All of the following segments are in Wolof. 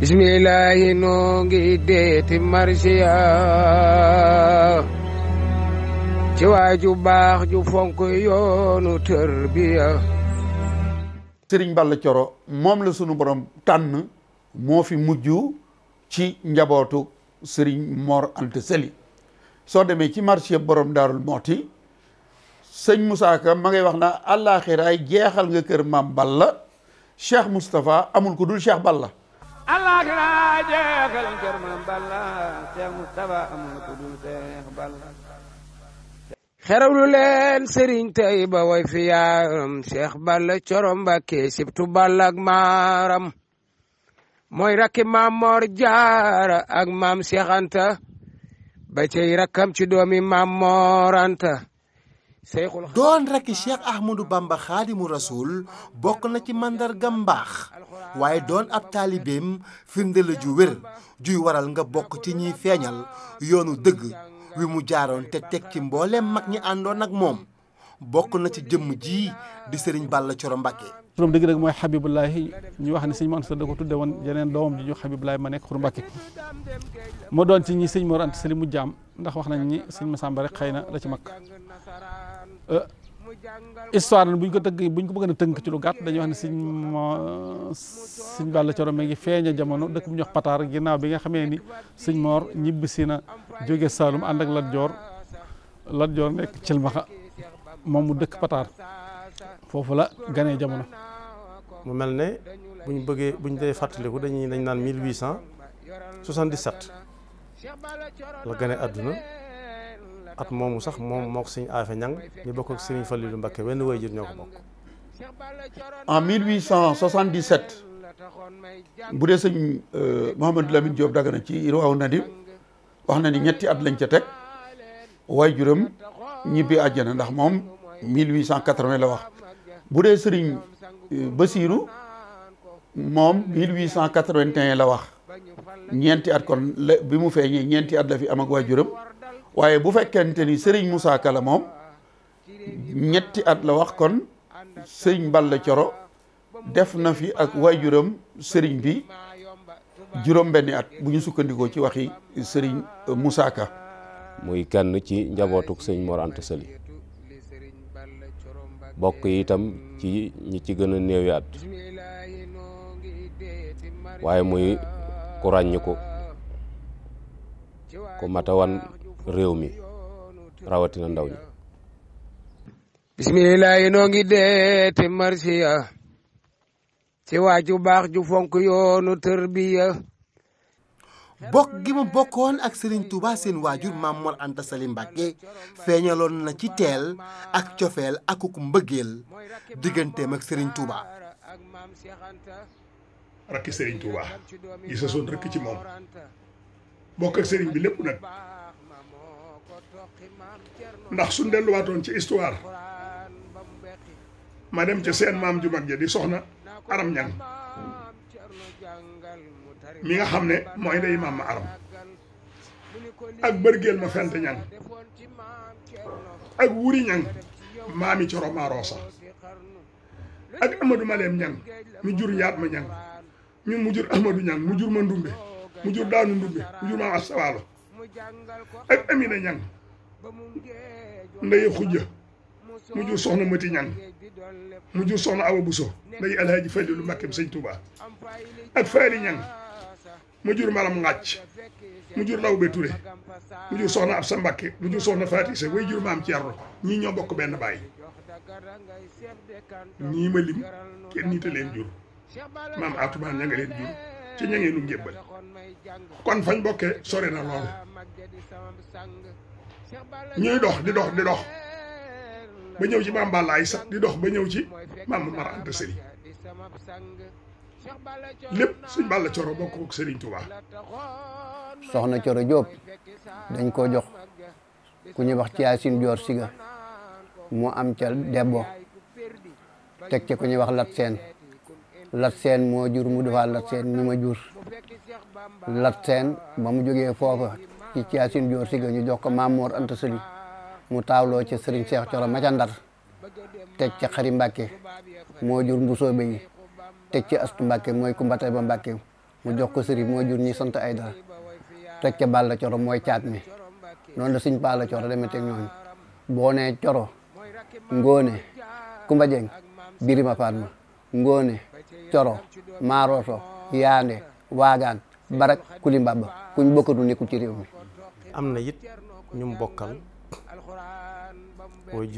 bismillahi noo ngi deeti marsiya ci waaju baax ju fonk yoonu tërbiya sëriñ Balla Coro moom la sunu borom tànn moo fi mujj ci njabootu sëriñ Mor Anta soo demee ci marché borom daarul mooti sëñ Moussa Ka ma ngay wax na àllaaxiraay jeexal nga kër maam Balla Cheikh Moustapha amul ko dul Cheikh Balla alaaxira jeexal kër Maam Balla Seex Mustafa amul ku Seex Balla xerawlu leen sëriñ tey way fi yaaram Seex Balla Coro Mbàkke sibtu Balla ak maaram mooy rakki maam Moor Jaara ak maam Seex Anta ba cey rakkam ci doomi maam Moor Anta doon rakki cheikh ahmadou bamba xaadimu rasul bokk na ci màndargam mbaax waaye doon ab taalibeem firnde ju wér juy waral nga bokk ci ñiy feeñal yoonu dëgg wi mu jaaroon te teg ci mboolem mag ñi àndoon ak moom bokk na ci jëmm ji di sëriñ Balla Coro Mbàkke turam dëgg dëgg mooy Xabibulaahi ñu wax ne sëñ Mor Anta da ko woon yeneen doomam ji ñu Xabibulaahi ma nekk Xuru Mbàkke moo doon ci sëñ Mor Anta mu jaam ndax wax nañ ni sëñ Masamba rek xëy na la ci mag Euh, histoire nag bu ñu ko tëgg bu ñu ko bëgg a tënk ci lu gàtt dañuy wax ne sëñ sëñ Balla Coro mi ngi feeña jamono dëkk bu ñuy wax Pataar ginnaaw bi nga xamee ni sëñ Moor ñibbisi na jóge Saalum ànd ak Lat Joor Lat nekk Cilmaxa moom mu dëkk Pataar foofu la ganee jamono. mu mel ne bu ñu bëggee bu ñu dee fàttaliku dañuy dañ naan 1877 la gane àdduna. at moomu sax moom mook ko sëñ Afe Ñang ñu bokk ak sëriñ Fallilu Mbakke wenn waajur ñoo ko bokk en 1877 bu dee sëñ euh, Mouhamadou Lamine Diop Dagana ci Irwaaw Nadim wax na ni ñetti at lañ ca teg waajuram ñibbi àjjana ndax moom mille 1880 la wax bu dee sëriñ euh, Basiiru moom 1881 la wax ñeenti at kon la bi mu feeñee ñeenti at la fi am ak waajuram waaye bu fekkente ni Serigne Moussa Ka la moom ñetti at la wax kon sëriñ Balla Coro def na fi ak waajuram sëriñ bi juróom-benni at bu ñu sukkandikoo ci waxi sëriñ Moussa muy kenn ci njabootuk sëñ Mor Anta Sali bokk itam ci ñi ci gën a néewi at waaye muy ku ràññ ku matawan réew mi rawatina ndaw ñi bisimilahi noo ngi deete marsiya ci waa ju baax ju fonk yoonu tërbiya bokk gi mu bokkoon ak Serigne Touba seen waajur Maam Mor Anta Sali Mbàkke feeñaloon na ci teel ak cofeel akuk mbëggeel digganteem ak Serigne Touba. rakki rëkk ci moom bokk ak Serigne bi lépp nag. ndax suñ delluwaatoon ci histoire ma dem ca seen maam ju mag ja di soxna aram ñang mi nga xam ne mooy ndey maam ma aram ak bërgeel ma fent ñang ak wuri ñang maami coro maaroosa ak amadou maleem ñang mi jur yaat ma ñang ñun mu jur amadou ñang mu jur ma ndumbe mu jur daanu ndumbe mu jur maam astawaalo ak amina ñang ndey xujja mu jur soxna mati ñan mu jur soxna awa buso ndey alhaaji falilu mbàkkem sëñ tuuba ak faali ñan mu jur maram ngàcc mu jur lawbe ture mu jur soxna ab sa mbàkke mu jur soxna fatise way jur maam ceerno ñii ñoo bokk benn baay ñii ma lim kenn ñi te leen jur maam atumaan ña nga leen jur ci ña ngeen nu njébbal kon fañ bokkee sore na lool ñuy dox di dox di dox ba ñëw ci maam Balla Aïssa di dox ba ñëw ci maam Mara Anta Sali lépp suñ Balla Coro bokk ak Serigne soxna Coro Diop dañ koo jox ku ñuy wax ci Yaasin Joor Siga mu am ca Debbo teg ku ñuy wax Lat Seen Lat Seen moo jur mu defaa Lat Seen mi ma jur Lat Seen ba mu jógee foofa ci ciyaasin joor si ga ñu jox ko maam Mor Anta Sali mu taawloo ca Serigne Cheikh Coro ma ca Ndar teg ca moo jur mbusoobe yi teg ci Astu Mbàkke mooy kumbatay ba Mbàkke mu jox ko Serigne moo jur ñi sant ay dara teg ca Balla Coro mooy caat mi noonu la Serigne Balla Coro demee teg ñooñu boo nee Coro Ngóone Kumba Jeng Birima Fatma Ngóone Coro Maaroto Yaande Waagaan Barak Kulimbaba kuñ bokkatu nekkul ci réew mi am na yit it mu bokkal way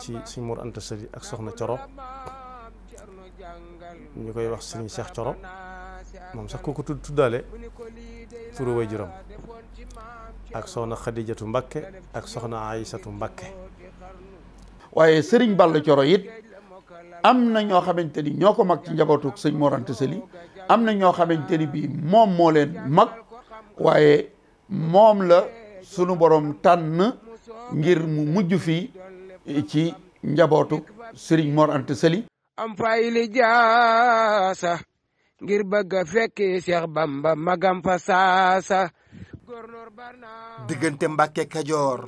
ci suñ Mor Anta Sali ak soxna Coro ñu koy wax sëriñ Cheikh Coro moom sax kooku tudd tuddaale turu way juram ak soxna Xadijatu Mbakke ak soxna Aysatu Mbakke waaye sëriñ Balla Coro yit am na ñoo xamante ni ñoo ko mag ci njabootu sëñ Mor Anta Sali am na ñoo xamante ni bii moom moo leen mag waaye moom la sunu boroom tànn ngir mu mujj fii ci njabootu Serigne Mor ant sëli am fay li jaasa ngir bëgg a fekki Cheikh Bamba magam fa saasa diggante Mbàkke Kajoor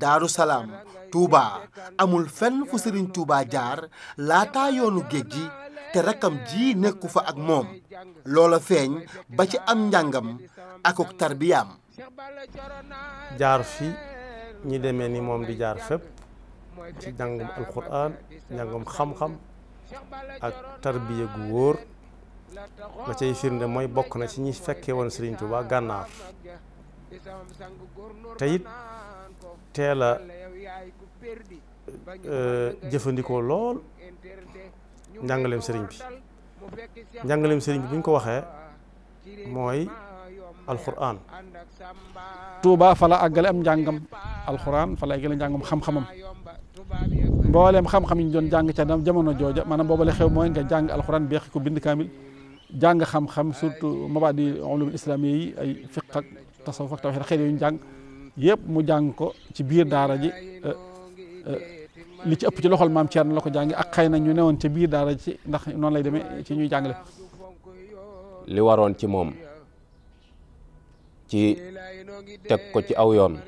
Daaru Salaam Touba amul fenn fu Serigne Touba jaar laata yoonu géej gi te rakkam ji nekku fa ak moom loola feeñ ba ci am njàngam akuk tarbiyaam jaar fi ñi demee ni moom di jaar fépp ci jàngum alquran jàngum xam-xam ak tarbiya gu wóor la cay firnde mooy bokk na ci ñi fekkee sëriñ Serigne Touba gànnaar te it teel a euh, jëfandikoo lool njàngaleem sëriñ bi njàngaleem sëriñ bi bu ko waxee mooy alxuraan Touba fala la àggale am njàngam alxuraan fala la àggale njàngam xam-xamam mbooleem xam-xam yi ñu doon jàng ca jamono jooja maanaam booba la xew mooy nga jàng alxuraan beex ko bind kaamil jàng xam-xam surtout mabaadi ulum islamiyya yi ay fiq ak tasawuf ak tawhiid xeet yu ñu yépp mu jàng ko ci biir daara ji euh, euh, li ci ëpp ci loxol maam Thierno la ko jàngi ak xëy na ñu newoon ci biir daara ji ndax noonu lay demee ci ñuy jàngale. li waroon ci moom. ci teg ko ci aw yoon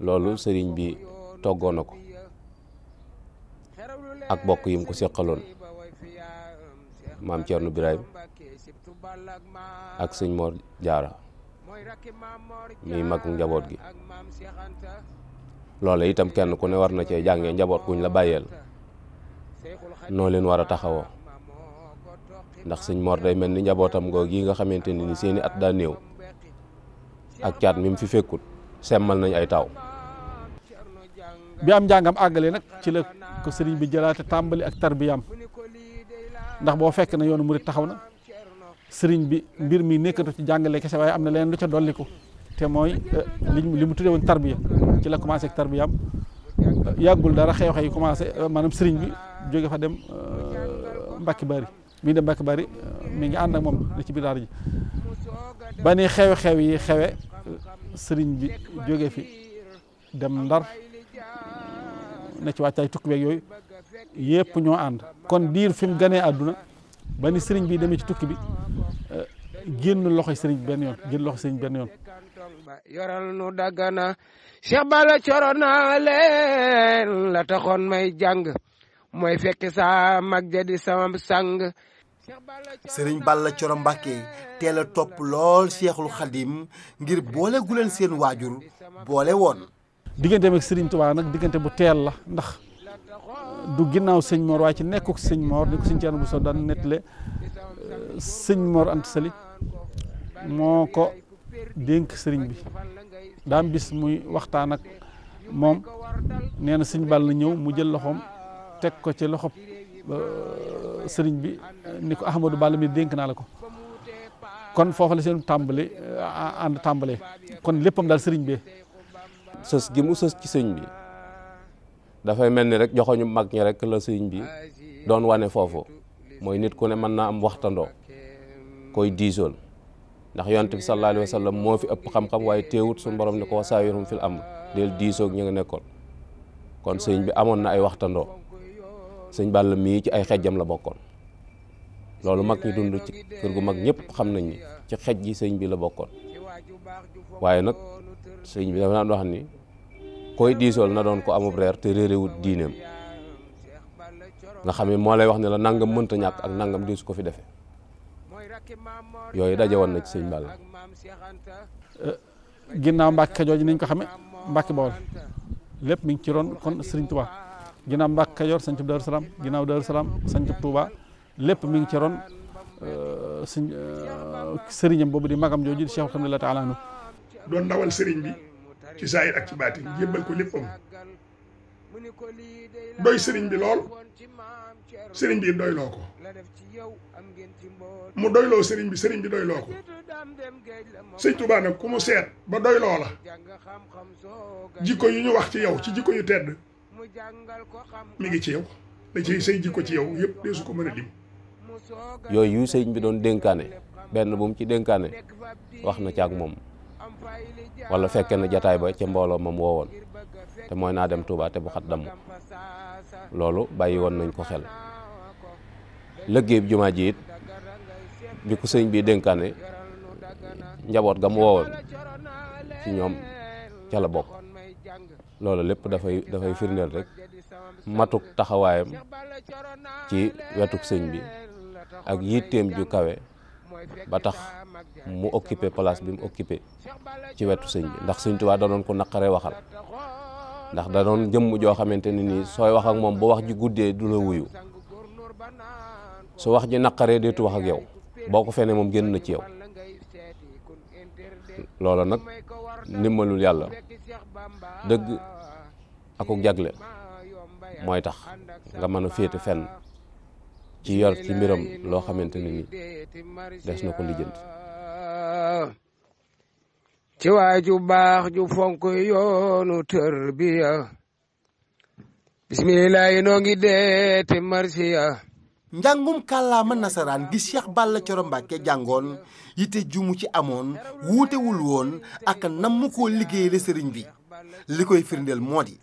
loolu sëriñ bi toggoon na ko ak bokk yim ko seqaloon maam Thierno Birahim ak sëñ Mor Jaara muy mag njaboot gi loola itam kenn ku ne war na cee jàngee njaboot guñ la bàyyeel noo leen war a taxawoo ndax sëñ Mor day mel ni njabootam ngoo gii nga xamante ne ni seeni at daa néew ak caat mi mu fi fekkul semmal nañ ay taaw. bi am njàngam àggalee nag ci la ko sëriñ bi jëlaate tàmbali ak tarbiyaam ndax boo fekk na yoonu mu murit taxaw na sëriñ bi mbir mi nekkatu ci jàngalee kese waaye am na leen lu ca dolliku te mooy eh, li mu tudde woon tarbiya ci la commencé ak tarbiyaam eh, yàggul dara xew-xew yi commencé eh, maanaam sëriñ bi jóge fa dem Mbàkke Bari bi dem Mbacke Bari euh, mi ngi ànd ak moom ne ci ji ba ni xewe-xew yi xewe euh, sëriñ bi jóge fi dem ndar ne ci wàccaay tukki beeg yooyu yëpp ñoo ànd kon diir fi mu ganee àdduna ba sëriñ bi demee ci tukki bi euh, génn loxo sëriñ bi benn yoon génn loxoy sëriñ bi yoon yoral nu daggana Cheikh Bala leen la taxoon may jàng mooy fekk saa mag ja di sang sëriñ la Coro mbakke teel a topp lool Seexul Xadim ngir boole gu leen seen waajur boole woon. digganteem ak sëriñ Tuubaa nag diggante bu teel la ndax du ginnaaw sëñ Mor waaye ci nekkuk sëñ Mor ni ko sëñ Thierno Bousso daan nettale sëñ Mor Anta Sali moo ko dénk sëriñ bi daam bis muy waxtaan ak moom neena na sëñ Balla ñëw mu jël loxoom teg ko ci loxo sëriñ bi ni ko Ahmadou Balla mi dénk naa la ko kon foofa la seen tàmbali ànd tàmbalee kon léppam daal sëriñ bi sës gi mu sës ci sëñ bi dafay mel ni rek joxoñu mag ñi rek la sëriñ bi doon wane foofu mooy nit ku ne mën naa am waxtandoo koy diisool ndax yonent bi sallallahu alayhi wa sallam moo fi ëpp xam-xam waaye teewut suñu borom ni ko wasaawirum fil am del diisoog ñu nga nekkoon kon sëñ bi amoon na ay waxtandoo sëñ Balla mii ci ay xejjam la bokkoon loolu mag ñi dund ci kër gu mag ñëpp xam nañ ci xej gi sëñ bi la bokkoon waaye nag sëñ bi dafa naan wax ni koy diisool na doon ko amub reer te réeréwut diineem nga xam ne moo lay wax ne la nangam mënta ñàkk ak nangam diisu ko fi defe yooyu daje woon na ci sëñ Balla eh, ginnaaw Mbàkke Kajoor ji niñ ko xame Mbàkke Bawol lépp mi ci roon kon Sëriñ Tuubaa ginnaaw Mbàkke Kajoor sañcub Daaru Salaam ginnaaw Daaru Salaam sañcub Touba lépp mi ngi ci ron euh, suñ euh, sëriñam boobu di magam jooju di Cheikh alhamdulilah taala anu doon ndawal sëriñ bi ci saayir ak ci baatin jébbal ko léppam doy sëriñ bi lool sëriñ bi doyloo ko mu doyloo sëriñ bi sëriñ bi doyloo ko sëñ Tuubaa nag ku mu seet ba doyloo la jikko yu ñu wax ci yow ci jikko ñu tedd mi ngi ci yow da dee su ko mën a lim yooyu yu sëñ bi doon dénkaane benn bu mu ci dénkaane wax na caag moom wala fekke na jataay ba ca mbooloo mam woowoon te mooy naa dem Touba te bu xat damm loolu bàyyi woon nañ ko xel lëggéey jumaa ji it bi ko sëñ bi dénkaane njaboot ga mu ci ñoom ca la bokk loolu lépp dafay dafay firndeel rek matuk taxawaayam ci wetuk sëñ bi ak yitteem ju kawe ba tax mu occupé place bi mu occupé ci wetu sëñ bi ndax sëñ tu waa doon ko naqare waxal ndax da jëmm joo xamante ne nii sooy wax ak moom boo wax ji guddee du la wuyu su wax ji naqaree deetu wax ak yow boo ko fenee moom génn na ci yow loolu nag ndimbalul yàlla dëgg akuk jagle mooy tax nga mën a féete ci yor ci mbiram loo xamante ne ni des na ko lijjanti ci waa ju baax ju fonk yoonu tër bismillahi noo dee te marsiya njàngum kàllaama nasaraan gi Cheikh Balla Thioro Mbacké jàngoon yite jumu ci amoon wuutewul woon ak namm koo liggéeyale sëriñ bi li koy firndeel moo di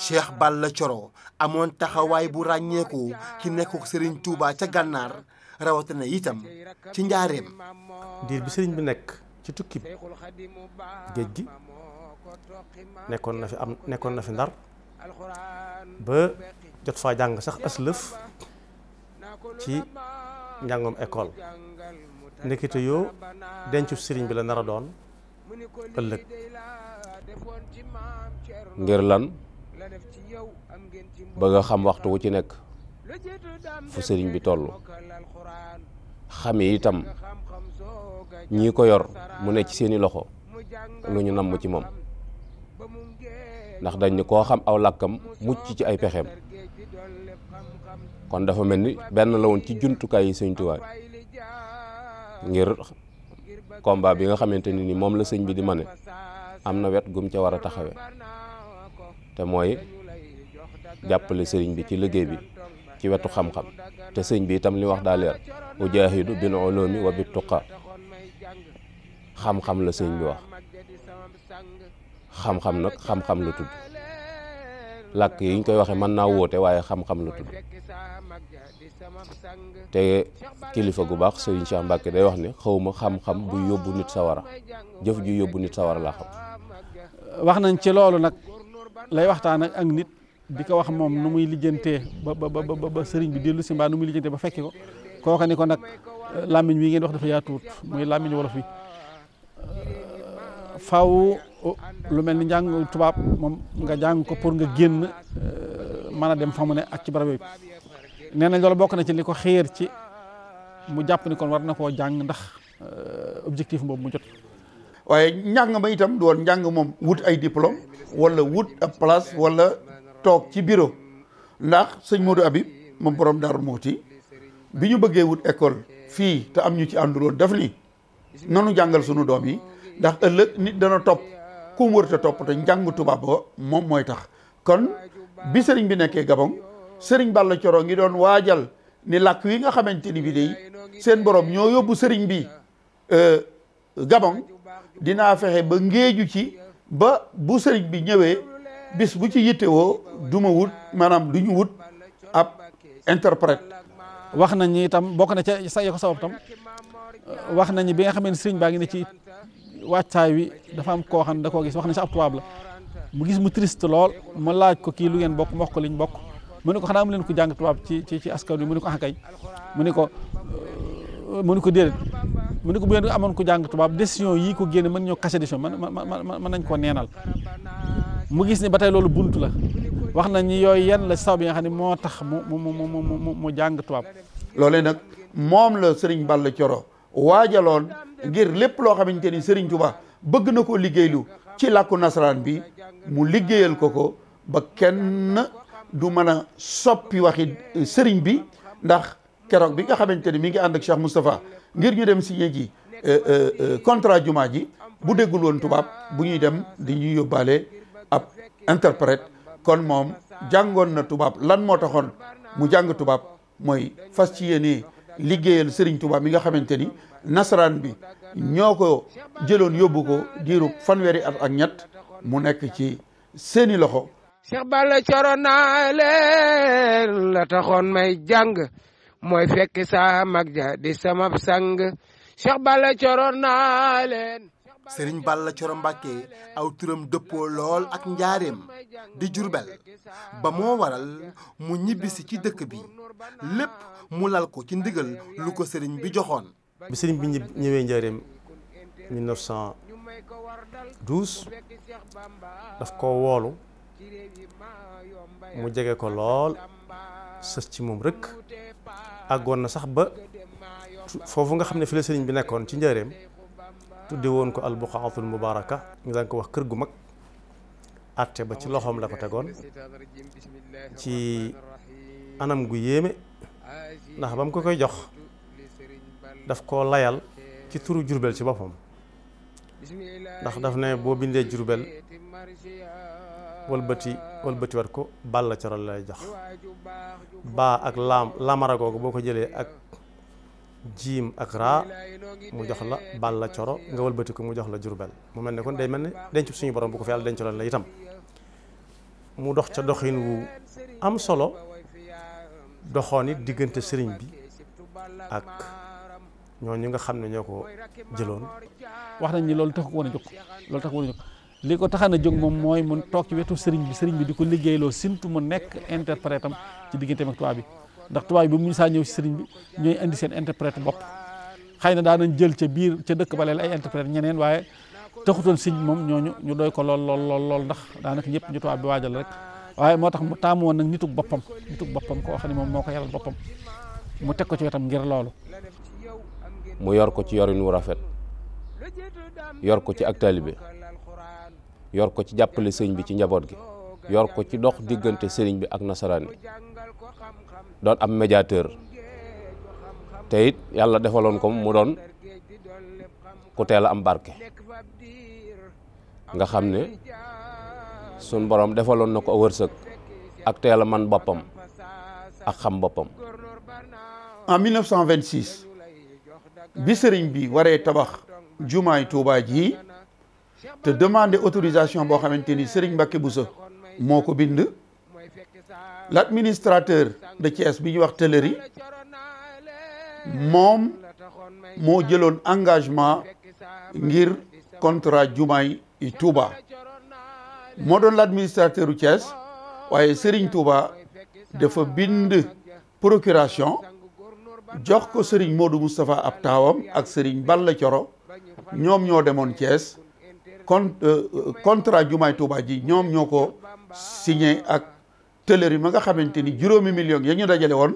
Cheikh Balla coro amoon taxawaay bu ràññeeku ci nekku sëriñ Touba ca gànnaar rawatina itam ci njaareem diir bi sëriñ bi nekk ci tukki géej gi nekkoon na fi am nekkoon na fi ndar ba jot faa jàng sax aslëf ci njàngum école ndekete yoo dencu sëriñ bi la nar a doon ngir lan ba xam waxtu wu ci nekk fu sëriñ bi toll xame itam ñi ko yor mu nekk ci seeni loxo lu ñu namm ci moom ndax dañ ni koo xam aw làkkam mucc ci ay pexeem kon dafa mel ni benn la woon ci jumtukaay yi sëñ Tuubaa ngir combat bi nga xamante ni ni moom la sëñ bi di mane am na wet gum ca war a taxawe te mooy jàppale sëriñ bi ci liggéey bi ci wetu xam-xam te sëñ bi itam li wax daa leer ujaahidu bil ulumi wa bit tuqa xam-xam la sëñ bi wax xam-xam nag xam-xam la tudd làkk yi koy waxee mën naa woote waaye xam-xam la tudd te kilifa gu baax sëriñ Cheikh Mbacke day wax ne xawma ma xam-xam bu yóbbu nit sawara jëf ju yóbbu nit sawara laa xam. wax nañ ci loolu nag lay waxtaan ak nit di ko wax moom nu muy lijjante ba ba ba sëriñ bi dellu si mbaa nu muy lijjantee ba fekki ko kooka ni ko nag làmmiñ wi ngeen wax dafa yaatuwut muy làmmiñ wolof wi. faw oh, lu mel ni njàng tubaab moom nga jàng ko pour nga génn euh, mën a dem fa mu ne ak ci barab yooyu nee nañ loolu bokk na ci li ko xéer ci mu jàpp ni kon war na koo jàng ndax euh, objectif boobu mu jot. waaye njàng ma itam doon njàng moom wut ay diplôme walla wut ab place wala toog ci bureau ndax sëñ Modou Habib moom borom Darou Mouhty bi ñu bëggee wut école fii te am ñu ci ànduloon def ni nanu jàngal sunu doom yi. ndax ëllëg nit dana topp ku mu wërta topp te njàng tubaab ba moom mooy tax kon bi sëriñ bi nekkee Gabon sëriñ Balla Coro ngi doon waajal ni làkk wi nga xamante ni bi day seen boroom ñoo yóbbu sëriñ bi euh, Gabon dinaa fexe ba ngéeju ci ba bu sëriñ bi ñëwee bis bu ci yittewoo woo ma wut maanaam du ñu wut ab interprète wax nañu itam bokk na ca sa ko sabab tam wax nañu bi nga xam ne sëriñ baa ngi ne ci wàccaay wi dafa am koo xam ne da koo gis wax na si ab tubaab la mu gis mu triste lool ma laaj ko kii lu ngeen bokk mu wax ko liñ bokk mu ne ko xanaa mu leen ko jàng tubaab ci ci ci askan wi mu ne ko axakay ah mu ne ko euh, mu ko déedéet mu ne ko bu amoon ko jàng tubaab décision yii ko génne mën ñoo kase décision mën man nañ koo neenal mu gis ne ba tey loolu bunt la wax nañ ni yooyu yan la saw bi nga xam ne moo tax mu mu mu mu mu mu jàng tubaab. loole nag moom la Serigne Balla Coro waajaloon. ngir lépp loo xamante ni Serigne Touba bëgg na ko liggéeylu ci lakku nasaraan bi mu liggéeyal ko ko ba kenn du mën a soppi waxit eh, Serigne bi ndax keroog bi nga xamante ni mi ngi ànd ak Cheikh Moustapha ngir ñu dem signé ji eh, eh, contrat juma ji bu déggul woon tubaab bu ñuy dem di dañuy yóbbaale ab interprète kon moom jàngoon na tubaab lan moo taxoon mu jàng tubaab mooy fas ci yéene liggéeyal Serigne Touba mi nga xamante ni nasaraan bi ñoo ko jëloon yóbbu ko diiru fanweeri ak ñett mu nekk ci seeni loxo Cheikh Balla Coro naa leen la taxoon may jàng mooy fekk saa mag ja di sama sang Cheikh Balla Coro naa leen Sëriñ Balla Coro Mbàkke aw turam dëppoo lool ak njaareem di Jurbel ba moo waral mu ñibbisi ci dëkk bi lépp mu lal ko ci ndigal lu ko sëriñ bi joxoon bi sëriñ bi ñëwee njaareem 1912 daf ko woolu mu jege ko lool sës ci moom rëkk àggoon na sax ba foofu nga xam ne fi la sëriñ bi nekkoon ci njaareem tudde woon ko albuqaatul mubaaraka ñu daan ko wax kër gu mag àtte ba ci loxoom la ko tegoon ci anam gu yéeme ndax ba mu ko koy jox daf ko layal ci turu jurbel ci boppam ndax daf ne boo bindee jurbel walbati walbati wat ko bàll coral lay jox baa ak laam lamara boo ko jëlee ak jiim ak raa mu jox la balla coro nga walbati ko mu jox la jurbel mu mel ni kon day mel ni denc suñu borom bu ko fi yàlla dencaloon la itam mu dox ca doxin wu am solo doxoon it diggante sëriñ bi ak ñoo ñi nga xam ne ñoo ko jëloon wax nañ ni loolu tax ko woon a jóg tax ko woon li ko taxaan a jóg moom mooy mun toog ci wetu sëriñ bi sëriñ bi di ko liggéeyloo surtout mu nekk interprète am ci digganteem ak tubaab bi ndax tubaab bi mu ñu saa ñëw si sëriñ bi ñooy indi seen interprète bopp xëy na daanañ jël ca biir ca dëkk ba leel ay interprète ñeneen waaye taxutoon sëriñ moom ñooñu ñu doy ko lool lool lool lool ndax daanaka ñëpp ñu tubaab bi waajal rek waaye moo tax mu taamu woon nag nitug boppam nitug boppam koo xam ne moom moo ko yaral boppam mu teg ko ci wetam ngir loolu mu yor ko ci yorin wu rafet yor ko ci ak taalibe yor ko ci jàppale sëñ bi ci njaboot gi yor ko ci dox diggante sëriñ bi ak nasaraan yi doon am médiateur te it yàlla defaloon ko mu doon ku teel a am barke nga xam ne sun boroom defaloon na ko wërsëg ak teel man boppam ak xam boppam bi sëriñ bi waree tabax jumaay Touba ji te demandé autorisation boo xamante ni sëriñ Mbacke Bousso moo ko bind l' administrateur de Thiès bi ñuy wax Tëlëri moom moo jëloon engagement ngir contra jumaay yi Touba moo doon l' administrateur u Thiès waaye sëriñ Touba dafa procuration jox ko sëriñ Modou Moustapha ab taawam ak sëriñ la Coro ñoom ñoo demoon cees kon euh, euh, contrat jumaay Touba ji ñoom ñoo ko signé ak tëlër yi ma nga xamante ni juróomi million ya ñu dajale woon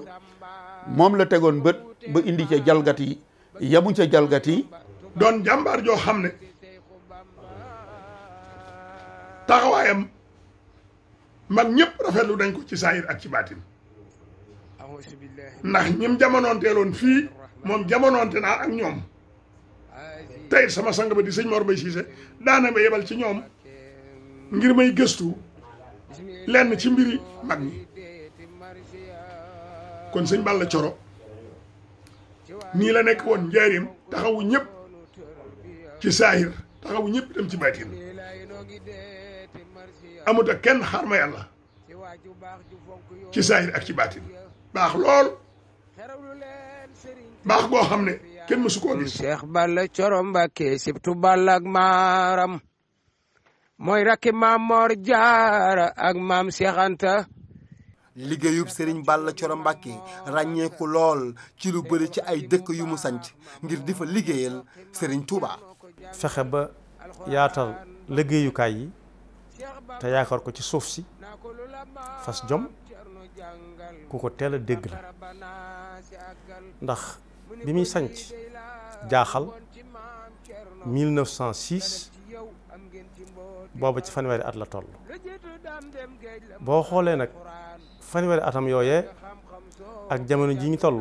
moom la tegoon bët ba indi ca jalgati yamu ca jalgati doon jàmbaar joo xam ne taxawaayam man ñëpp rafetlu dañ ko ci saayir ak ci baatin ndax ñim jamonoonteeloon fii moom jamonoonte naa ak ñoom tey sama sang ba di sëñ Mor Mbaye Cissé daana ma yebal ci ñoom ngir may gëstu lenn ci mbiri mag ñi kon sëñ Balla Coro nii la nekk woon njaareem taxawu ñëpp ci saahir taxawu ñëpp itam ci baatin amut kenn xaar ma yàlla ci saahir ak ci baatin baax lool baax goo xam ne kenn mësu koo gis. Cheikh Balla Coro Mbàkke sibtu Balla ak maaram mooy rakki maam Moor Jaara ak maam Cheikh liggéeyub Serigne Balla Coro Mbàkke ràññeeku lool ci lu bëri ci ay dëkk yu mu sanc ngir di fa liggéeyal Serigne Touba. fexe ba yaatal liggéeyukaay yi te yaakaar ko ci suuf si fas jom. ku ko teel a dégg la ndax bi muy sanc jaaxal 1906 booba ci fanweeri at la toll boo xoolee nag fanweeri atam yooyee ak jamono ji ñu toll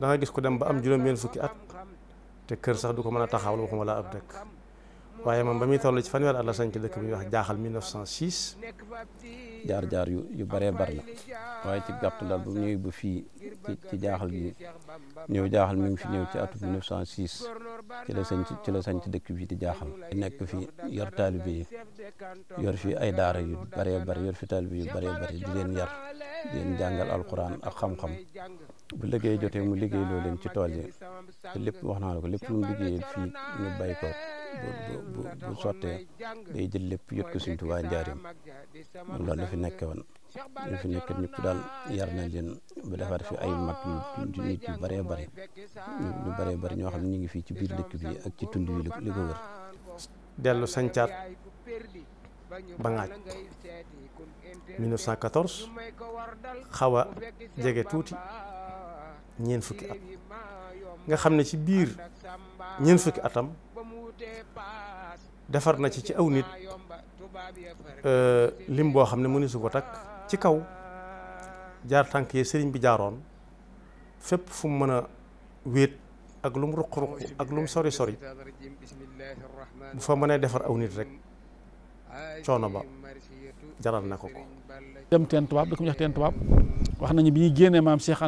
da gis ko dem ba am juróom-benn fukki at te kër sax du ko mën a taxawal waxuma laa ab dëkk waaye moom ba muy toll ci fanweer at la sañ ci dëkk bi ñuy wax jaaxal 1906 jaar-jaar yu yu bëree bari waaye ci gàttal daal bu ñëwee bu fii ci jaaxal gi ñëw jaaxal mi ngi fi ñëw ci atum 1906 ci la sañ ci la sañ di jaaxal nekk fi yor taalibe yi yor fi ay daara yu bëree bari yor fi taalibe yu bëree bari di leen yar di leen jàngal alquran ak xam bu liggéey jote mu liggéey loo leen ci tool yi te lépp wax naa la ko lépp lu mu liggéeyee fii ñu bay ko bu bu day jël lépp yot ko Sëriñ njaarim moom loolu la fi nekke woon ñu fi nekk ñëpp daal yar nañ leen ba defar fi ay mag yu nit yu bare bëri ñu bëree bëri ñoo xam ne ñu ngi fii ci biir dëkk bi ak ci tund wi li ko wër dellu ba ngaaj 1914 xaw a jege tuuti ñeen fukki at nga xam ne ci biir ñeen fukki atam defar na ci ci aw nit euh, lim boo xam ne mënu su ko takk ci kaw jaar tànk yi sëriñ bi jaaroon fépp fu mën a wéet ak lu mu ruq ruq ak lu mu sori sori bu fa mënee defar aw nit rek coono ba jaral na ko ko. dem teen tubaab da ko jox teen tubaab wax nañu bi ñuy génnee maam Cheikh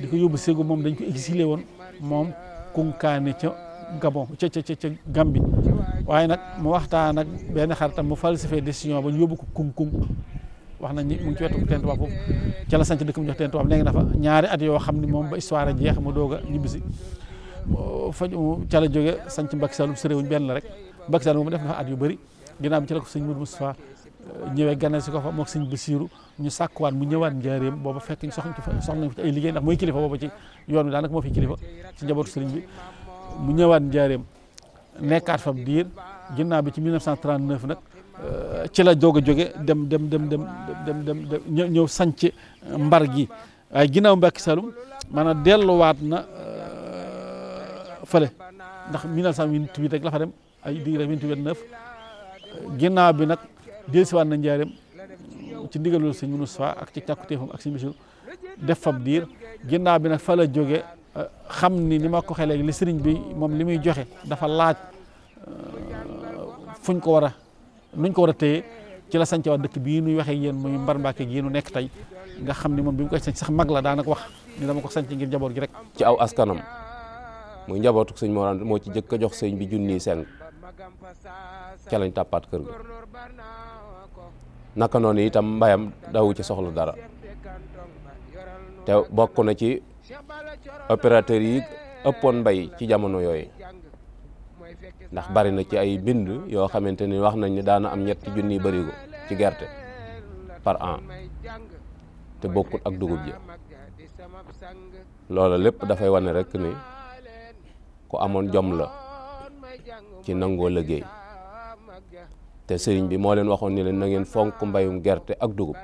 di ko yóbbu Ségou moom dañ ko exilé woon moom kunkaane ca. Gabon ca ca ca Gambie waaye nag mu waxtaan ak benn xaritam mu falsifié décision ba ñu yóbbu ko kum-kum wax nañ ñi mu ngi ci wetu teen tubaab foofu ca la sanc dëkk mu jox teen tubaab léegi dafa ñaari at yoo xam ne moom ba histoire a jeex mu doog a ñibbisi fa ca la jóge sanc Mbacke Saloum sa réewuñ benn rek Mbacke Saloum moom def na fa at yu bëri ginnaaw bi ci la ko sëñ Mourou Moustapha euh, ñëwee ganna si ko fa mook sëñ Basiiru ñu sàkkuwaat mu ñëwaat njaareem booba fekk soxna soxnañ ko ci ay liggéey ndax mooy kilifa booba ci yoon bi daanaka moo fi kilifa ci njabootu sëriñ bi mu ñëwaat njaareem nekkaat fam diir ginnaaw bi ci 1939 nag euh, ci la doog a jóge dem dem dem dem dem dem ñëw sanc euh, mbar gi waaye ginnaaw Mbàkke Saalum maanaam delluwaat na euh, fële ndax 1928 rek la fa dem ay diggante 28 29 ginnaaw bi nag dellusiwaat na njaareem mm, ci ndigalul sëñ Moussa ak ci càkkutéefam ak sëñ Bachir def fab diir ginnaaw bi nag fa jóge xam ni li ma ko xelee li sëriñ bi moom li muy joxe dafa laaj fuñ ko war a nuñ ko war a téye ci la sanc waa dëkk bii nuy waxee yéen muy Mbar Mbàkke yi nu nekk tey nga xam ni moom bi mu koy sanc sax mag la daanaka wax ni dama ko sanc ngir njaboot gi rek. ci aw askanam muy njabootu sëñ Mor moo ci jëkk a jox sëñ bi junniy seng ca lañ tàppaat kër gi naka noonu itam mbayam dawu ci soxla dara te bokk ci. opérateur yi ëppoon mbay ci jamono yooyu ndax bari na ci ay bind yoo xamante ni wax nañ ne daana am ñetti junniy barigo ci gerte par an te bokkut ak dugub ja loola lépp dafay wane rek ni ku amoon jom ci nangoo liggéey te sëriñ bi moo leen waxoon ni leen na ngeen fonk mbayum gerte ak dugub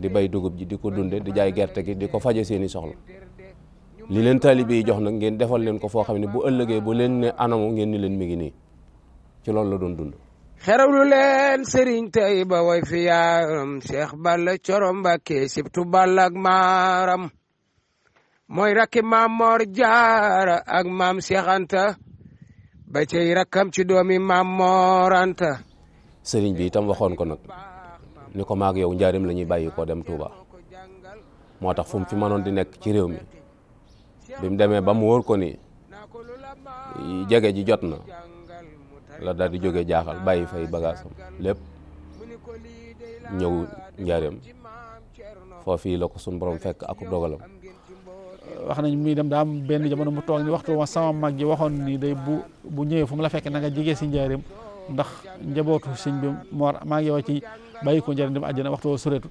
di bay dugub ji di ko dunde di jaay gerte gi di ko fajo seeni soxla li leen taalibe jox na ngeen defal leen ko foo xam ne bu ëllëgee bu leen ne anamu ngeen ni leen mi ngi nii ci loolu la doon dund xerawlu tey ba way fi yaaram Cheikh Balla Coro Mbàkke sibtu Balla ak maaram mooy rakki maam Moor Jaara ak maam Cheikh ba cey rakkam ci doomi maam Moor Anta bi itam waxoon ko nag ni ko maag yow njaarim la ñuy bàyyi dem Touba moo tax fu mu fi mënoon di nekk ci réew mi bi mu demee ba mu wóor ko ni jege ji jot na la daal di jóge jaaxal bàyyi fay bagaasam lépp ñëw njaarim foofii la ko suñu fekk ak dogalam. wax nañ muy dem daa am benn jamono mu toog ni waxtu ma sama mag ji waxoon ni day bu bu ñëwee fu la fekk na nga jege si njaarim ndax njabootu sëñ bi moor maa ngi yow ci. bàyyi ko njëriñ dem àjjana waxtu woo soreetul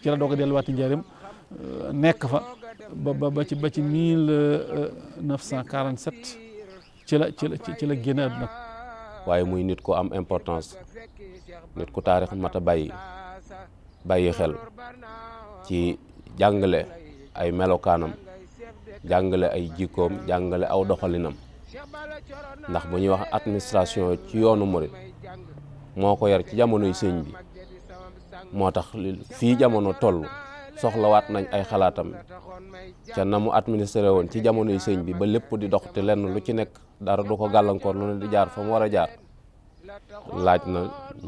ci la doog a delluwaati njëriñ euh, nekk fa ba ci ba ci mille euh, neuf cent ci la ci la ci la génn àdduna waaye muy nit ku am importance nit ku taarix mat a bàyyi bàyyi xel ci jàngale ay melokaanam jàngale ay jikkoom jàngale aw doxalinam ndax bu ñuy wax administration ci yoonu murit moo ko yar ci jamonoy sëñ bi moo tax fii jamono toll soxlawaat nañ ay xalaatam ca na mu administré woon ci jamonoy sëñ bi ba lépp di dox te lenn lu ci nekk dara du ko gàllankoor lu ne di jaar fa mu war a jaar laaj na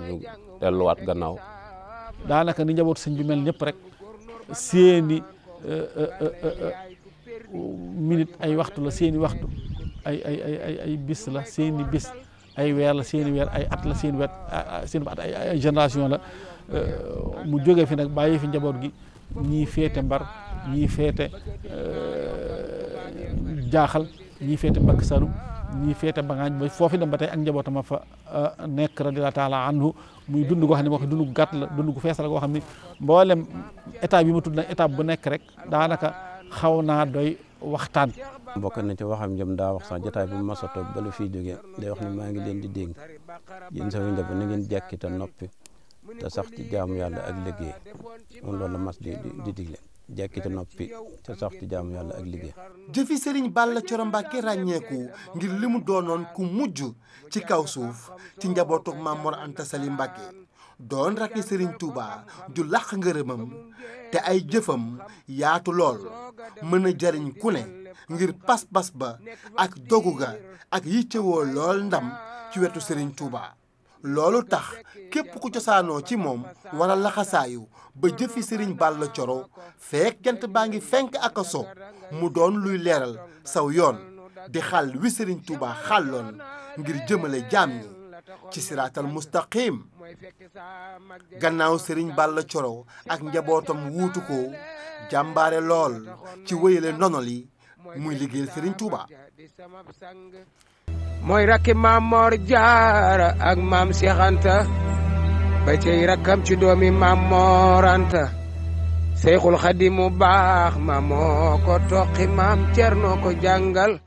ñu delluwaat gannaaw. daanaka ni jaboot sëñ bi mel ñëpp rek seeni euh, euh, euh, minute ay waxtu la seeni waxtu ay ay bis la seeni bis ay weer la seeni weer ay at la seeni weer ay génération la. Euh, mu jóge fi nag bàyyi fi njaboot gi ñii féete mbar ñii féete euh, jaaxal ñii féete mbakk salum ñii féete bangaañ ba foofu dem ba tey ak njabootama fa nekk radiyallaahu taala anhu muy dund goo ne moo xam dund gàtt la dund gu fees la goo xam ne mboolem étape bi ma tudd nag étape bu nekk rek daanaka xaw naa doy waxtaan. bokk na ci waxam jëm daa wax sax jotaay bi mu mos a toog ba lu fiy jógee day wax ne maa ngi leen di dénk yéen sama njaboot na ngeen jekki te noppi. te sax ci jaamu yàlla ak liggéey moom loolu la mas di di digle jekki te noppi te sax ci jaamu yàlla ak liggéey. jëfi Serigne Balla Thioro Mbacke ràññeeku ngir li mu doonoon ku mujj ci kaw suuf ci njabootug Maam Mor Anta Sali Mbacke doon rakki Serigne Touba ju làq ngërëmam te ay jëfam yaatu lool mën a jariñ ku ne ngir pas-pas ba ak dogu ga ak yittewoo lool ndam ci wetu Serigne Touba. loolu tax képp ku cosaanoo ci moom wala laxasaayu ba jëfi sëriñ Balla Coro feek jant baa ngi fenk ak a so mu doon luy leeral saw yoon di xàll wi sëriñ Tuuba xàlloon ngir jëmale jaam ñi ci siraatal mustaqim gannaaw sëriñ Balla Coro ak njabootam wuutu ko jàmbaare lool ci wéyale ndono li muy liggéeyal sëriñ Tuuba mooy rakki maam Moor Jaara ak maam Seex Anta ba cey rakkam ci doomi maam Moor Anta Seyxul Xadiim mu baax ma moo ko toqi maam noo ko jàngal